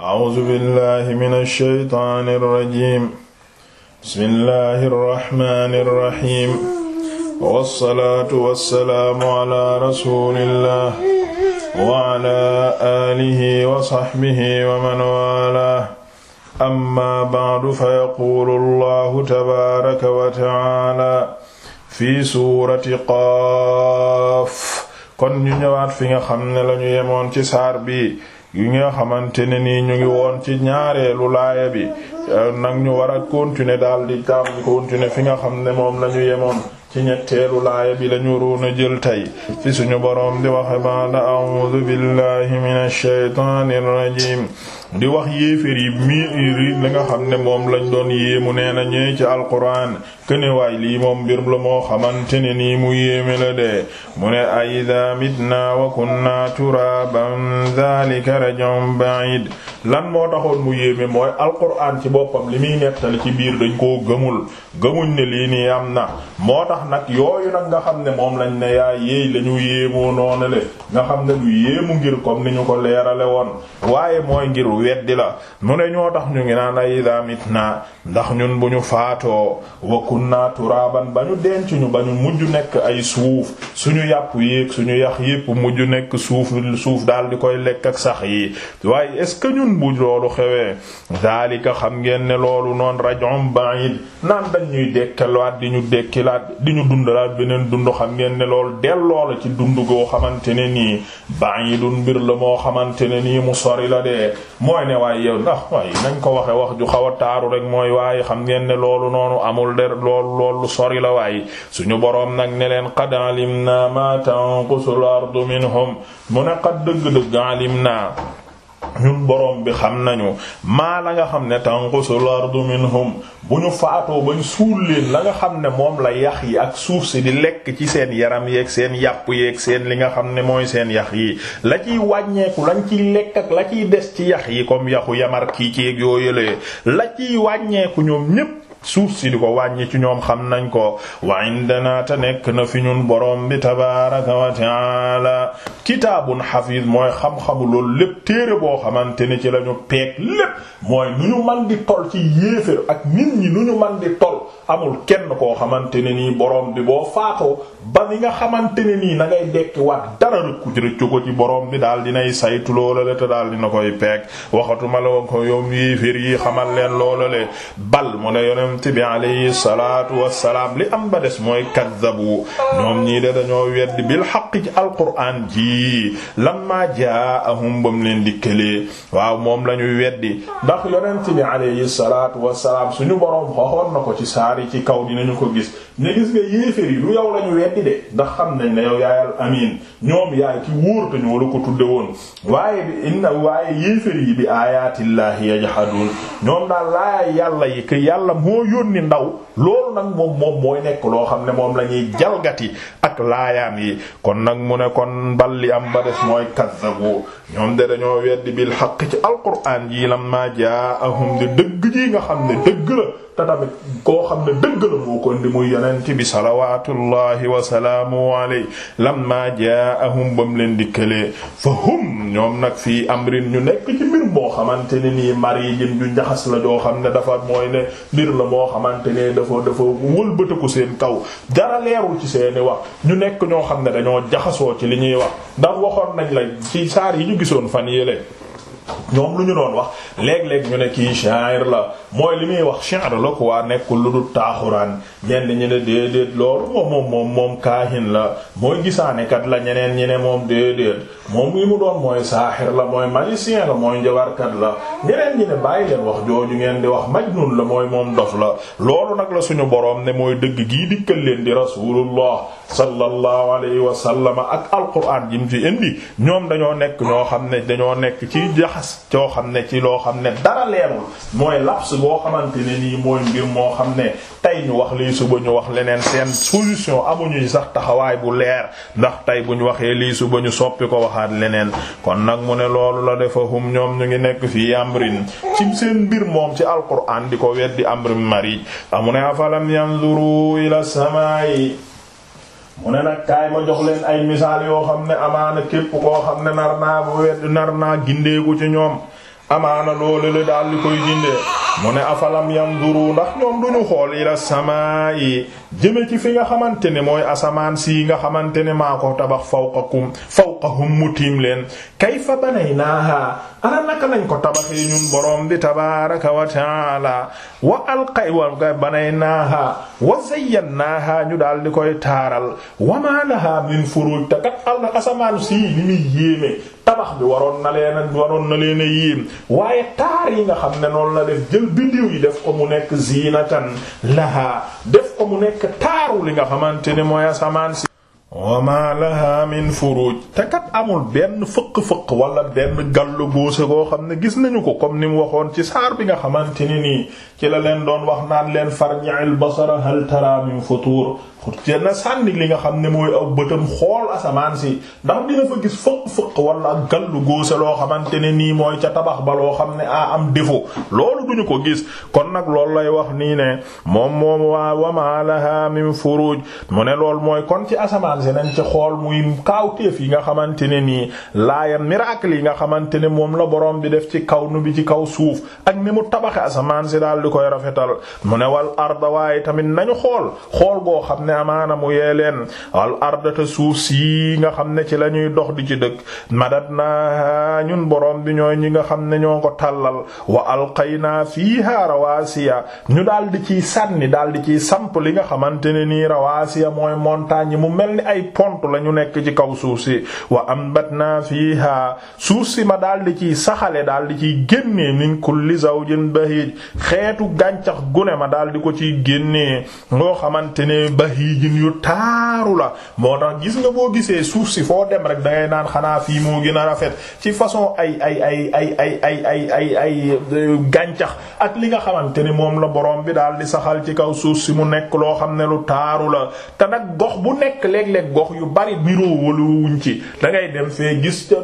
A'uuzu billaahi mina shaytaani rajiim. Bismillaahi rahmaani rahiim. Wassalaatu wassalaamu alaa rasuulillaah wa alaa aalihi wa sahbihi wa man waalaah. Ammaa ba'du fayaquulu Allaahu tabaaraka wa ta'aalaa fii suurati Qaaf. Kon ñu ñëwaat fi nga xam ne lañu yemoon ci saar bi. gi nga xamante ne nii ñu ngi woon ci ñaareelu laaya bi euh, nag ñu war a continuer daal di tam continuer fi nga xam ne moom la ñu yemoon ci ñetteelu laaya bi lañu ruun a jël tey fi suñu boroom di waxe baada a'uudu billahi minash shaytaanir rajiim di wax yéeféer yi miiri li nga xam ne moom lañ doon yéemu nee na ñee ci alquran këne lii moom mbir la moo xamante ne nii mu yéeme la de mu ne a ida mitna wa kunna turaban dhalika raj'un ba'id lan moo taxoon mu yéeme mooy alquran ci boppam li muy nettali ci biir dañ koo gëmul gëmuñ ne lii nii am na moo tax nag yooyu nag nga xam ne moom lañ ne yaa yéey la ñu yéemoo noonale nga xam ne du yéemu ngir comme ni ñu ko leerale woon waaye mooy ngir weddi la mu ne ñoo tax ñu ngi naan a ida mitna ndax ñun bu ñu faatoo wa kunna turaban ba ñu denc ñu ba ñu mujj nekk ay suuf suñu yàpp yéeg suñu yax yépp mujj nekk suuf suuf daal di koy lekk ak sax yi waaye est ce que ñun bu loolu xewee daalika xam ngeen ne loolu noon raj'un ba'id naan dañ ñuy dekkilaat di ñu dekkilaat di ñu dundalaat beneen dund xam ngeen ne loolu delloola ci dund goo xamante ne nii ba'idun mbir la moo xamante ne nii mu sori la de mooy ne waaye yow ndax waaye nañ ko waxe wax ju xaw a taaru rek mooy waaye xam ngeen ne loolu noonu amul der loolu loolu sori la waaye suñu boroom nag ne leen qad alimna ma tanqusul ardu minhum mu ne qad dëgg-dëgg alimna ñun borom bi xam nañu maa la nga xam ne tanqusul ardu minhum bu ñu faatoo ba ñu suul leen la nga xam ne moom la yax yi ak suuf si di lekk ci seen yaram yeeg seen yàpp yeeg seen li nga xam ne mooy seen yax yi la ciy wàññeeku lañ ciy lekk ak la ciy des ci yax yi comme yaxu yamar kii ci yeeg yoo yëlee la ciy wàññeeku ñoom ñépp suuf si di ko wàññi ci ñoom xam nañ ko wa indana te nekk na fi ñun borom bi tabaraka wa taala kitaabun hafiz mooy xam-xamu loolu lépp téere boo xamante ni ci la ñu peeg lépp ak nit ñi nu amul kenn koo xamante ne nii borom bi boo ba ni nga xamante ne nii na ngay ko ci borom bi daal dinay saytu loola le te daal dina koy peeg waxatuma la ko yow yéefér yi xamal leen loola le bal mu ne yonent bi alayhi salaatu wassalaam li am ba des mooy kaddabu ñoom ñii de dañoo weddi bil xaq ci alquraan ji lamma jaahum bam leen dikkalee waaw moom la ñu weddi ndax yonent bi alayhi salaatu wassalaam suñu boroom waxoon na ko ci saari ci kaw dinañu ko gis ne gis nga yéeféer yi lu yow la ñu weddi de ndax xam nañ ne yow yaayal amiin ñoom yaay ci wóor te ñoo la ko tudde woon waaye bi inna waaye yéeféer yi bi aayatillaahi yajhadun ñoom daal laay yàlla yi ke yàlla moo moo yónni ndaw loolu nag moom moom mooy nekk loo xam ne moom lañuy ñuy jalgati ak laayaan yi kon nag mu ne kon bal li am ba des mooy kazzabu ñoom de dañoo weddi bil xaq ci alquraan ji lam ma jaahum di dëgg ji nga xam ne dëgg la te tamit koo xam ne dëgg la moo ko indi muy yonent bi salawaatullahi wa salaamu alayhi lamma jaa'ahum bam leen dikkalee fa hum ñoom nag fii amrin ñu nekk ci mbir moo xamante ne nii mari jin ju njaxas la joo xam ne dafa mooy ne mbir la moo xamante ne dafa dafa wëlbatiku seen kaw dara leerul ci seeni wax ñu nekk ñoo xam ne dañoo jaxasoo ci li ñuy wax ndax waxoon nañ la ci saar yi ñu gisoon fan yële ñoom lu ñu doon wax léeg-léeg ñu ne kii sha'ir la mooy li muy wax sha'ir la waa nekkul lu dul taaxuraan ñenn ñi ne déedéet loolu moom moom moom moom kaahin la mooy gisaanekat la ñeneen ñi ne moom déedéet moom li mu doon mooy saaxir la mooy magicien la mooy njabarkat la ñeneen ñi ne bàyyi leen wax jooju ngeen di wax majnun la mooy moom dof la loolu nag la suñu boroom ne mooy dëgg gii dikkal leen di rasulullah sallallahu alayhi wa sallam ak alquran jim ci indi ñoom dañoo nekk ñoo xam ne dañoo nekk ci jaxas coo xam ne ci loo xam ne dara leerul mooy laps boo xamante ne nii mooy mbir moo xam ne tey ñu wax lii suba ñu wax leneen seen solution amuñu sax taxawaay bu leer ndax tey bu waxee lii suba ñu soppi ko waxaat leneen kon nag mu ne loolu la defa hum ñoom ñu ngi nekk fii amrin ci seen mbir moom ci alquran di ko weddi amrin mari amu ne afalam yanzuru ila mu ne nag kaay ma jox leen ay misaal yoo xam ne amaana képp koo xam ne nar naa bu wedd nar gindeeku ci ñoom amaana loolu la daal di koy gindee mu ne afalam yanzuru ndax ñoom duñu xool ila samaa yi ci fi nga xamante ne mooy asamaan si nga xamante ne maa ko tabax fawqakum fawqahum mu tiim leen kayfa banaynaaha ana naka lañ ko tabaxee ñun borom bi tabaaraka wa taala wa alqay wa banaynaaha wa zayyannaaha ñu daal di koy taaral wa maa laha min furuuj te kat al asamaan si ni muy yéeme tabax bi waroon na leen a waroon na leen a waaye taar yi nga xam ne noonu la def jël biddiw yi def ko mu nekk ziinatan laha def ko mu nekk taaru li nga xamante ne mooy asamaan si wa ma laha min furuj te kat amul benn fëq-fëq wala benn gàllu góose goo xam ne gis nañu ko comme ni mu waxoon ci saar bi nga xamante ne nii ci la leen doon wax naan leen far basara hal tara min futur na sànni li nga xam ne mooy aw bëtam xool asamaan si ndax dina fa gis fëq-fëq wala ak gàllu góose loo xamante ne nii mooy ca tabax ba loo xam ne a am difu loolu duñu ko gis kon nag loolu lay wax nii ne moom moom waa wa ma min furuj ne loolu mooy kon ci asamaan commencé nañ ci xool muy kaawteef yi nga xamante ne nii laaya miracle yi nga xamante ne moom la boroom bi def ci kaw nu bi ci kaw suuf ak ni mu tabaxe asamaan si daal di koy rafetal mu ne wal arda waaye tamit nañu xool xool goo xam ne amaana mu yee leen wal arda te suuf si nga xam ne ci la ñuy dox di ci dëkk madat na ñun boroom bi ñooy ñi nga xam ne ñoo ko tàllal wa alqaynaa fiihaa rawaasiya ñu daal ciy sànni daal ciy samp li nga xamante nii rawaasiya ay pont la ñu nekk ci kaw suuf si wa ambatna fiha suuf si ma daal di ciy saxale daal di ciy génnee min kulli zawjin bahij xeetu gàncax gune ma daal di ko ciy génnee ngoo xamante ne bahijin yu taa taaru la moo tax gis nga boo gisee suuf si foo dem rek da ngay naan xanaa fii moo gën a rafet ci façon ay ay ay ay ay ay ay ay ay euh, gàncax ak li nga xamante ni moom la borom bi daal di saxal ci kaw suuf si mu nekk loo xam ne lu taaru la te nag gox bu nekk léeg-léeg gox yu bari niroo wala wuñ ci da ngay dem fee gis ca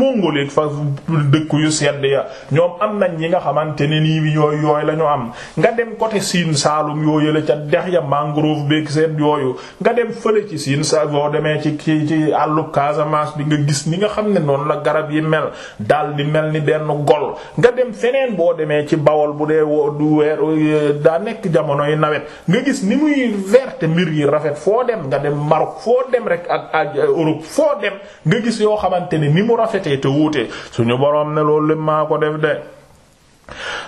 mongoleeg fa dëkk yu sedd ya ñoom am nañ ñi nga xamante ni nii yooyu yooyu la am nga dem côté Sine Saalum yooyu la ca dex ya mangrove beeg seen yooyu nga dem fële ci siin sa boo demee ci ci ci àllu Casamance bi nga gis ni nga xam ne noonu la garab yi mel dal di mel ni benn gol nga dem feneen boo demee ci Bawol bu dee woo du weer daa nekk jamonoy nawet nga gis ni muy verte mbir yi rafet foo dem nga dem Maroc foo dem rek ak ak Europe foo dem nga gis yoo xamante ne ni mu rafetee te wuute suñu borom ne loolu maa ko def de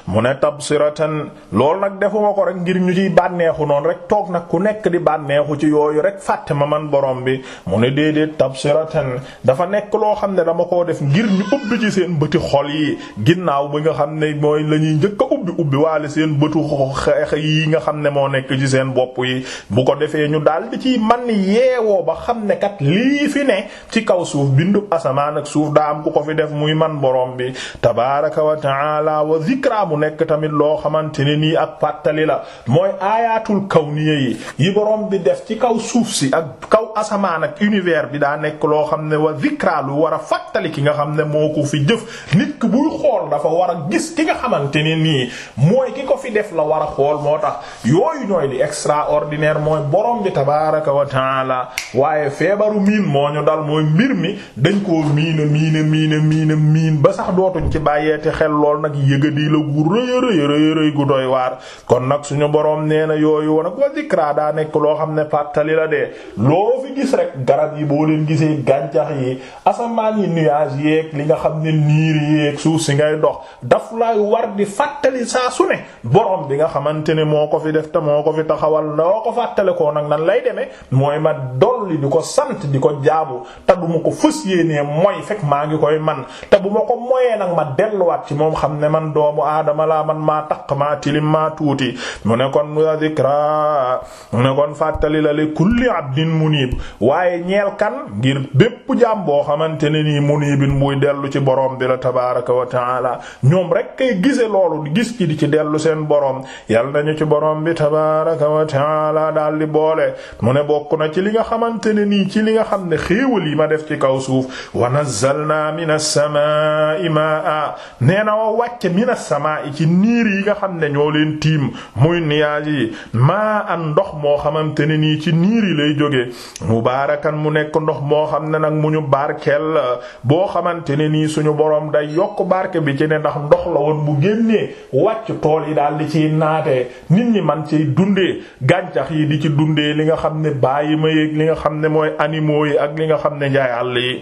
mu ne tabsiratan lool nag defuma ko rek ngir ñu ciy bànneexu noonu rek toog nag ku nekk di bànneexu ci yooyu rek fàtte ma man boroom bi mu ne déedéet tabsiratan dafa nekk loo xam ne dama koo def ngir ñu ubbi ci seen bëti xol yi ginnaaw bi nga xam ne mooy la ñuy njëkk a ubbi ubbi waale seen bëtu xeex yi nga xam ne moo nekk ci seen bopp yi bu ko defee ñu daal ci man yeewoo ba xam ne kat lii fi ne ci kaw suuf bindu asamaan ak suuf daa am ku ko fi def muy man boroom bi tabaaraka wa ta'ala zikra mu nekk tamit loo xamante ne nii ak fàttali la mooy aayatul kaw yi yi borom bi def ci kaw suuf si ak kaw asamaan ak univers bi daa nekk loo xam ne wa zikra lu war a fàttali ki nga xam ne moo ko fi jëf nit ki buy xool dafa war a gis ki nga xamante ne nii mooy ki ko fi def la war a xool moo tax yooyu ñooy li extraordinaire mooy borom bi tabaaraka wa taala waaye feebaru miin moo ñu dal mooy mbir mi dañ koo miina miina miina miina miin ba sax dootuñ ci di la gu rëya rëya rëya rëy gu doy waar kon nag suñu boroom nee na yooyu woon ak wa zikra daa nekk loo xam ne fàttali la dee loo fi gis rek garab yi boo leen gisee gàncax yi asamaan yi nuages yeeg li nga xam ne niir yeeg suuf si ngay dox daf lay war di fàttali saa su ne boroom bi nga xamante ne moo ko fi def te moo ko fi taxawal loo ko fàttale ko nag nan lay demee mooy ma dolli di ko sant di ko jaamu te du ma ko fës yéenee mooy fekk maa ngi koy ma doomu aadama laa man maa taq maa tilim maa tuuti mu ne kon wa zikra mu ne kon fàttali la li kulli abdin munib waaye ñeel kan ngir bépp jaam boo xamante ne nii munibin buy dellu ci borom bi la tabaaraka wa taala ñoom rek kay gise loolu gis ci di ci dellu seen borom yal nañu ci boroom bi tabaaraka wa taala daal di boole mu ne bokk na ci li nga xamante ne nii ci li nga xam ne xéewal yi ma def ci kaw suuf wa nazzalna minas samaa'i ma'a neena wa sama samaa'i ci niir yi nga xam ne ñoo leen tiim muy nuages yi maa an ndox moo xamante ne nii ci niir yi lay jógee mubaarakan mu nekk ndox moo xam ne nag mu ñu barkeel boo xamante ne nii suñu borom day yokk barke bi ci ne ndax ndox la woon bu génnee wàcc tool yi daal di ciy naatee nit ñi man ciy dundee gàncax yi di ci dundee li nga xam ne bàyyi ma yéeg li nga xam ne mooy animaux yi ak li nga xam ne njaay àll yi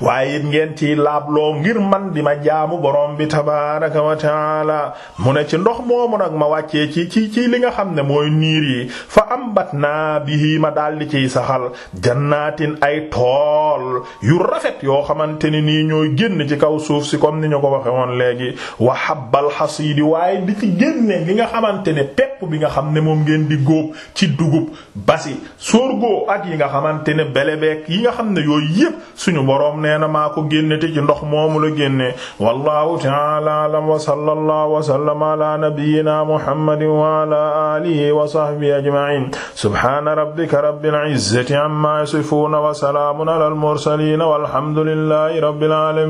waaye it ngeen ci laabloo ngir man di ma jaamu borom bi tabaaraka wa taala mu ne ci ndox moomu nag ma wàccee ci ci ci li nga xam ne mooy niir yi fa am ambat bi bihi ma daal di ciy saxal jannaatin ay tool yu rafet yoo xamante ni nii ñooy génn ci kaw suuf si comme ni ñu ko waxe woon léegi wa habbal hasiidi waaye di ci génne li nga xamante ne pepp pepp bi nga xam ne moom ngeen di góob ci dugub basi sorgho ak yi nga xamante ne belebeek yi nga xam ne yooyu yépp suñu boroom nee na maa ko génne te ndox moomu la génne wallahu ta'ala alam wa sallallahu wa sallama ala nabiyyina muhammadin wa ala alihi wa sahbihi wa salamun ala al